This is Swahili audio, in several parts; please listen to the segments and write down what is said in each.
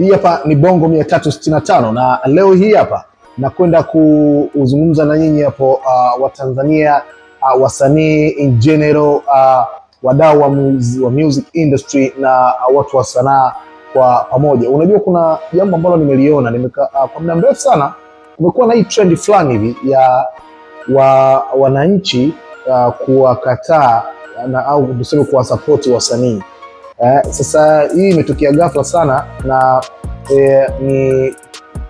Hii hapa ni Bongo 365 na leo hii hapa nakwenda kuzungumza na nyinyi hapo uh, Watanzania uh, wasanii in general uh, wadau wa, wa music industry na uh, watu wa sanaa kwa pamoja. Unajua, kuna jambo ambalo nimeliona nimeka, uh, kwa muda mrefu sana kumekuwa na hii trend fulani hivi ya wa, wananchi uh, kuwakataa au tuseme kuwasapoti wasanii Eh, sasa hii imetokea ghafla sana na eh, ni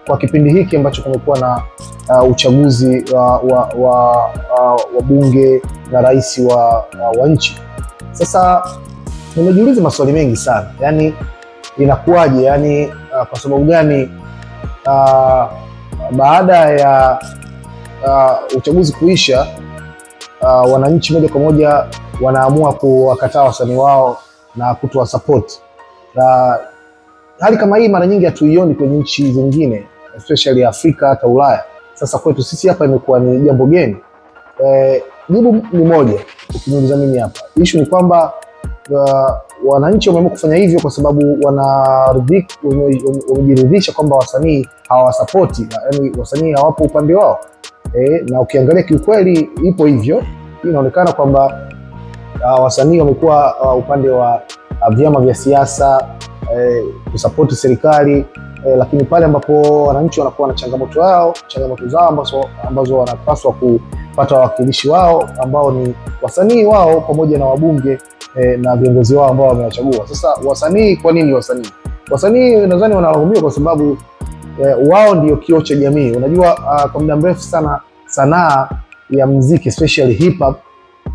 kwa kipindi hiki ambacho kumekuwa na uh, uchaguzi wa, wa, wa, wa, eh, wa bunge na rais wa, wa, eh, wa nchi. Sasa nimejiuliza maswali mengi sana, yaani inakuwaje? Yaani uh, kwa sababu gani uh, baada ya uh, uchaguzi kuisha uh, wananchi moja kwa moja wanaamua kuwakataa wasanii wao na support. na hali kama hii mara nyingi hatuioni kwenye nchi zingine especially Afrika hata Ulaya. Sasa kwetu sisi hapa imekuwa ni jambo geni. Eh, jibu ni moja ukiniuliza mimi hapa, ishu ni kwamba uh, wananchi wameamua kufanya hivyo kwa sababu wanaridhika, wamejiridhisha kwamba wasanii hawawasapoti, yaani wasanii hawapo upande wao. E, na ukiangalia kiukweli ipo hivyo, inaonekana kwamba uh, wasanii wamekuwa uh, upande wa uh, vyama vya siasa eh, kusapoti serikali eh, lakini pale ambapo wananchi wanakuwa na changamoto yao changamoto zao ambazo, ambazo wanapaswa kupata wawakilishi wao ambao ni wasanii wao pamoja na wabunge eh, na viongozi wao ambao wamewachagua. Sasa wasanii, kwa nini wasanii? Wasanii nadhani wanalaumiwa kwa sababu eh, wao ndio kioo cha jamii. Unajua uh, kwa muda mrefu sana sanaa ya mziki especially hip hop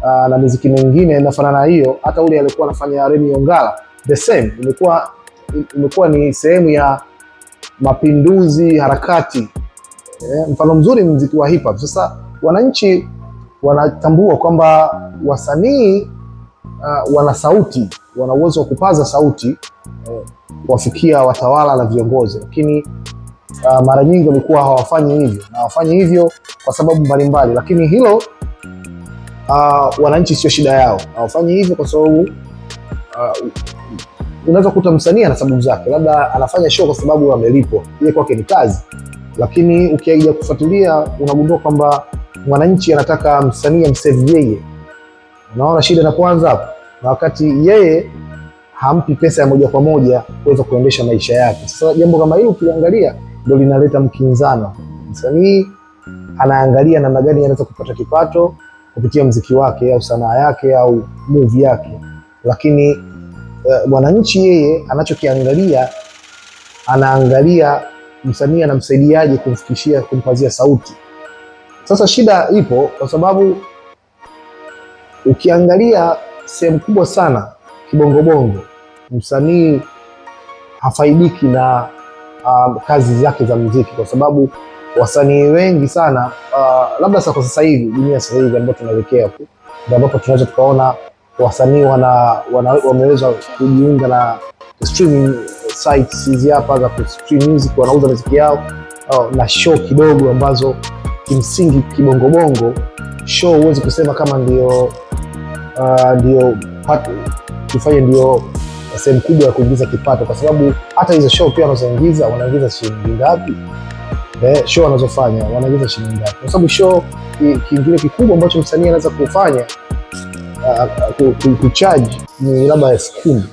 Ah, na miziki mingine inafanana hiyo. Hata ule alikuwa anafanya Remi Ongala the same, imekuwa imekuwa ni sehemu ya mapinduzi, harakati eh, mfano mzuri mziki wa hip hop. Sasa wananchi wanatambua kwamba wasanii uh, wana sauti, wana uwezo wa kupaza sauti eh, kuwafikia watawala na viongozi, lakini uh, mara nyingi walikuwa hawafanyi hivyo na hawafanyi hivyo kwa sababu mbalimbali, lakini hilo uh, wananchi sio shida yao. Hawafanyi hivyo kwa sababu uh, unaweza kukuta msanii ana sababu zake, labda anafanya show kwa sababu amelipwa, ile kwake ni kazi, lakini ukija kufuatilia unagundua kwamba mwananchi anataka msanii amsave yeye. Unaona shida na kwanza hapo, na wakati yeye hampi pesa ya moja kwa moja kuweza kuendesha maisha yake. Sasa jambo kama hili ukiangalia ndio linaleta mkinzano. Msanii anaangalia namna gani anaweza kupata kipato kupitia mziki wake au sanaa yake au movie yake, lakini eh, mwananchi uh, yeye anachokiangalia anaangalia msanii anamsaidiaje kumfikishia kumpazia sauti. Sasa shida ipo kwa sababu ukiangalia sehemu kubwa sana kibongobongo, msanii hafaidiki na uh, kazi zake za muziki kwa sababu wasanii wengi sana uh, labda sasa kwa sasa hivi dunia sasa hivi ambayo tunaelekea ndio ambapo tunaweza tukaona wasanii wana, wana, wameweza kujiunga na streaming sites hizi hapa za kustream music, wanauza muziki yao uh, na show kidogo ambazo kimsingi kibongobongo show huwezi kusema kama ndio uh, ndio kufanya ndio sehemu kubwa ya kuingiza kipato, kwa sababu hata hizo show pia wanazoingiza wanaingiza shilingi ngapi? eh, show wanazofanya wanaingiza shilingi ngapi? Kwa sababu show kingine kikubwa ambacho msanii anaweza kufanya kuchaji ni labda elfu kumi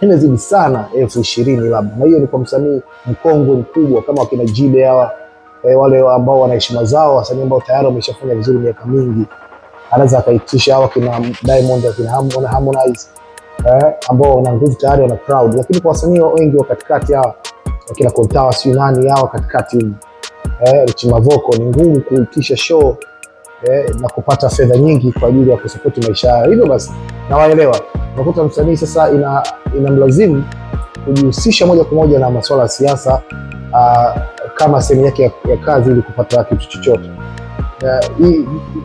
imezidi sana elfu ishirini labda, na hiyo ni kwa msanii mkongwe mkubwa kama wakina Jibe hawa eh, wale ambao wana heshima zao, wasanii ambao tayari wameshafanya vizuri miaka mingi, anaweza akaitisha hawa kina Diamond akina Harmonize eh, ambao wana nguvu tayari, wana crowd, lakini kwa wasanii wengi wa katikati hawa wakina Kontawa si nani yao katikati eh, Richi Mavoko, ni ngumu kuitisha show eh, na kupata fedha nyingi kwa ajili ya kusapoti maisha yao. Hivyo basi nawaelewa, unakuta msanii sasa ina, inamlazimu mlazimu kujihusisha moja kwa moja na masuala ya siasa uh, kama sehemu yake ya, ya kazi ili kupata kitu chochote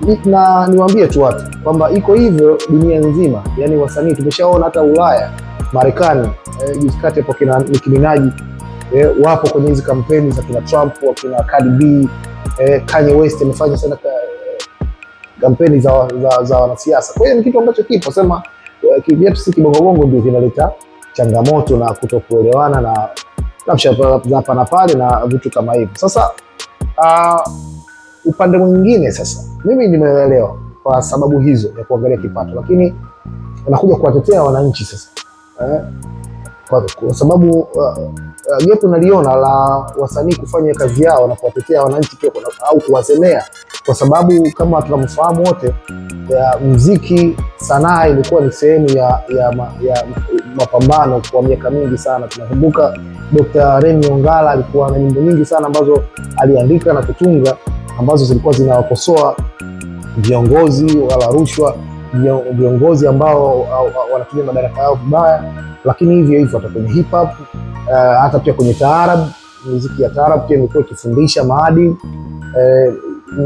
uh, na niwaambie tu watu kwamba iko hivyo dunia nzima, yani wasanii tumeshaona hata Ulaya, Marekani eh, juzi kati hapo kina Nicki Minaj eh, wapo kwenye hizi kampeni za kina Trump, wakina Cardi B, eh, Kanye West amefanya sana ka, eh, kampeni za, za, za wanasiasa. Kwa hiyo ni kitu ambacho kipo sema eh, kivyetu si kibongobongo, ndio kinaleta changamoto na kutokuelewana na na hapa na pale na vitu kama hivyo. Sasa uh, upande mwingine sasa, mimi nimeelewa kwa sababu hizo ya kuangalia kipato, lakini anakuja kuwatetea wananchi sasa eh, kwa, kwa sababu uh, uh, geto naliona la wasanii kufanya kazi yao na kuwatetea wananchi pia au kuwasemea, kwa sababu kama tunamfahamu wote ya muziki, sanaa ilikuwa ni sehemu ya, ya, ma, ya mapambano kwa miaka mingi sana. Tunakumbuka Dr. Remi Ongala alikuwa na nyimbo nyingi sana ambazo aliandika na kutunga ambazo zilikuwa zinawakosoa viongozi wala rushwa viongozi ambao wanatumia madaraka yao vibaya, lakini hivyo hivyo hata kwenye hip hop uh, hata pia kwenye taarab, muziki ya taarab pia imekuwa ikifundisha maadili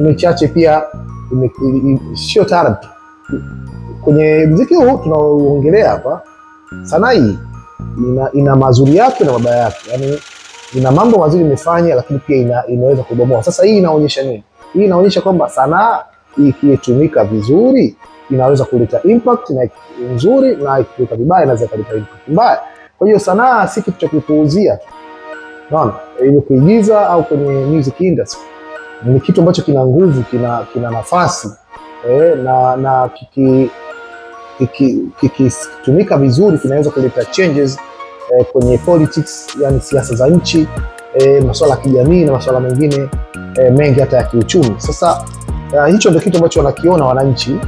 michache eh, pia sio taarab kwenye muziki huu tunaoongelea hapa, sanaa hii ina, ina mazuri yake na mabaya yake, yani ina mambo mazuri imefanya, lakini pia ina, inaweza kubomoa. Sasa hii inaonyesha nini? Hii inaonyesha kwamba sanaa ikitumika vizuri inaweza kuleta impact na nzuri, na ikileta vibaya inaweza kuleta impact mbaya. Kwa hiyo sanaa si kitu cha kupuuzia, unaona, ili kuigiza au kwenye music industry ni kitu ambacho kina nguvu, kina kina nafasi eh, na na kiki kikitumika kiki vizuri kinaweza kuleta changes eh, kwenye politics, yani siasa za nchi eh, masuala ya kijamii na masuala mengine eh, mengi hata ya kiuchumi. Sasa eh, hicho ndio kitu ambacho wanakiona wananchi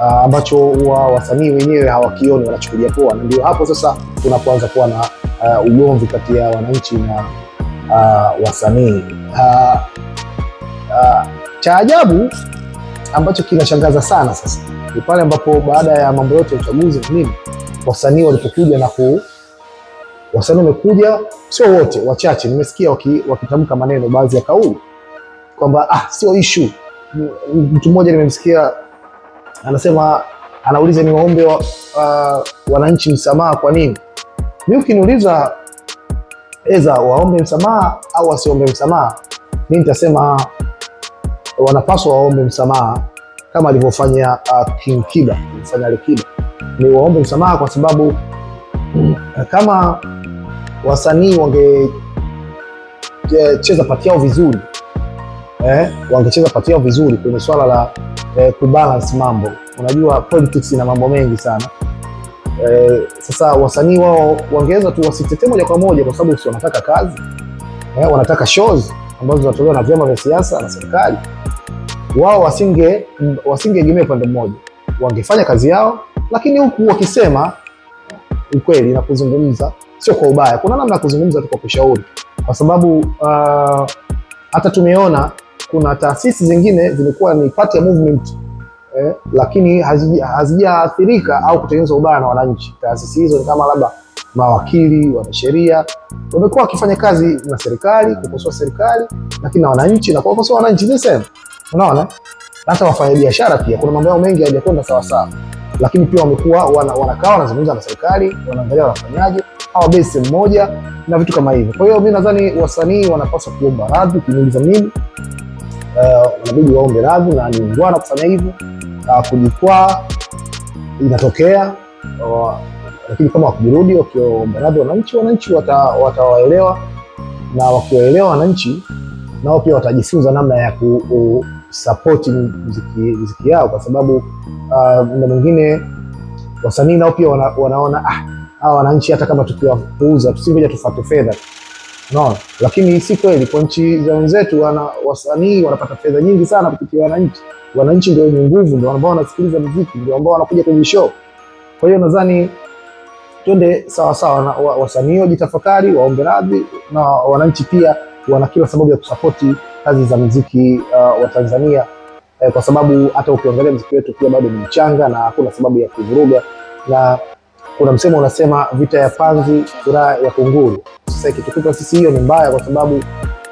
Ah, ambacho wa wasanii wenyewe hawakioni, wanachukulia poa, na ndio hapo sasa tunapoanza kuwa na uh, ugomvi kati ya wananchi na uh, wasanii uh, uh, cha ajabu ambacho kinashangaza sana sasa ni pale ambapo baada ya mambo yote ya uchaguzi na nini, wasanii walipokuja na ku wasanii wamekuja, sio wote, wachache nimesikia wakitamka waki maneno, baadhi ya kauli kwamba ah, sio ishu. Mtu mmoja nimemsikia anasema anauliza ni waombe wa, uh, wananchi msamaha kwa nini? Mimi ukiniuliza eza waombe msamaha au wasiombe msamaha, mimi nitasema wanapaswa waombe msamaha kama alivyofanya uh, King Kiba, mfanya Alikiba ni waombe msamaha kwa sababu kama wasanii wangecheza eh, pati yao vizuri eh, wangecheza pati yao vizuri kwenye swala la eh, kubalance mambo. Unajua politics ina mambo mengi sana eh, sasa wasanii wao wangeweza tu wasitetee moja kwa moja, kwa sababu si wanataka kazi eh, wanataka shows ambazo zinatolewa na vyama vya siasa na serikali. Wao wasinge wasingeegemea pande mmoja, wangefanya kazi yao, lakini huku wakisema ukweli na kuzungumza, sio kwa ubaya. Kuna namna ya kuzungumza tu kwa kushauri, kwa sababu uh, hata tumeona kuna taasisi zingine zimekuwa ni part ya movement eh, lakini hazijaathirika au kutengeneza ubaya na wananchi. Taasisi hizo ni kama labda mawakili, wanasheria wamekuwa wakifanya kazi na serikali, kukosoa serikali, lakini na wananchi na kuwakosoa wananchi the same, unaona hata wafanyabiashara pia kuna mambo yao mengi hayajakwenda sawasawa, lakini pia wamekuwa wanakaa wanazungumza na serikali, wanaangalia wanafanyaje, hawa bei sehemu moja na vitu kama hivyo. Kwa hiyo mi nadhani wasanii wanapaswa kuomba radhi, kuniuliza mimi, wanabidi uh, waombe radhi na ni ngwana kufanya hivyo. Uh, kujikwaa inatokea uh, lakini kama wakijirudi wakiomba radhi wananchi, wananchi watawaelewa wata na wakiwaelewa wananchi nao pia watajifunza namna ya kusapoti mziki, mziki yao kwa sababu uh, mwingine wasanii nao pia wana, wanaona ah, wananchi hata kama tukiwapuuza tusingoja tufate fedha no. Lakini si kweli kwa nchi za wenzetu, wana wasanii wanapata fedha nyingi sana kupitia wananchi. Wananchi ndio wenye nguvu, ndio ambao wanasikiliza muziki, ndio ambao wanakuja kwenye show. Kwa hiyo nadhani twende sawa sawa sawasawa, wasanii wajitafakari, waombe radhi, na wananchi pia wana kila sababu ya kusapoti kazi za muziki uh, wa Tanzania eh, kwa sababu hata ukiangalia muziki wetu pia bado ni mchanga na hakuna sababu ya kuvuruga, na kuna msemo unasema vita ya panzi, furaha ya kunguru kiseki. ikitukuta sisi hiyo ni mbaya, kwa sababu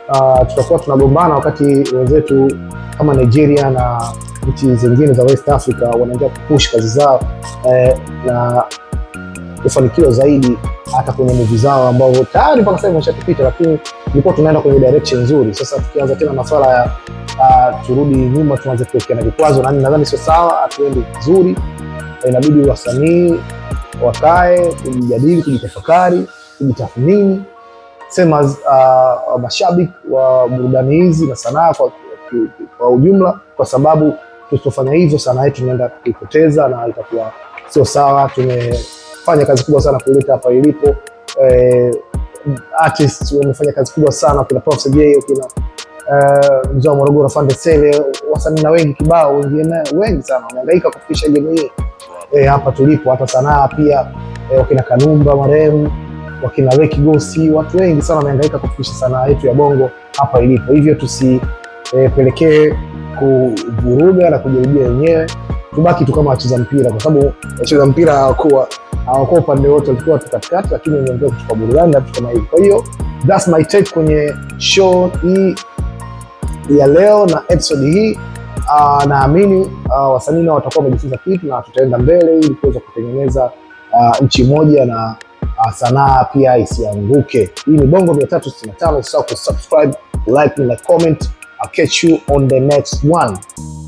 uh, tutakuwa tunagombana wakati wenzetu kama Nigeria na nchi zingine za West Africa wanaendelea kupush kazi zao eh, na kufanikiwa zaidi hata kwenye movie zao ambao tayari mpaka sasa imeshatupita, lakini ilikuwa tunaenda kwenye direction nzuri. Sasa tukianza tena masuala ya uh, turudi nyuma, tuanze na vikwazo, na nadhani sio sawa, hatuendi vizuri. Inabidi wasanii wakae, kujijadili, kujitafakari, kujitathmini sema uh, mashabiki wa burudani hizi na sanaa kwa, kwa ujumla, kwa sababu tusipofanya hivyo sanaa yetu tunaenda kuipoteza na itakuwa sio sawa. Tumefanya kazi kubwa sana kuleta hapa ilipo eh, artists wamefanya kazi kubwa sana, kuna Prof J, kuna uh, eh, mzee wa Morogoro Fande Sele, wasanii na wengi kibao, wengine wengi sana wamehangaika kufikisha elimu hii eh, hapa tulipo, hata sanaa pia eh, wakina Kanumba marehemu wakina Lake Gosi, watu wengi sana wameangaika kufikisha sanaa yetu ya bongo hapa ilipo. Hivyo tusipelekee e, kuvuruga na kujaribia wenyewe, tubaki tu kama wacheza mpira, kwa sababu wacheza mpira hawakuwa hawakuwa upande wote, walikuwa tu katikati, lakini wameongea kuchukua burudani na vitu kama hivi. Kwa hiyo that's my take kwenye show hii ya leo na episode hii. Uh, naamini uh, wasanii nao watakuwa wamejifunza kitu na tutaenda mbele ili kuweza kutengeneza uh, nchi moja na Ah, sanaa pia isianguke. Hii ni Bongo 365, usisahau kusubscribe, like na comment. I'll catch you on the next one.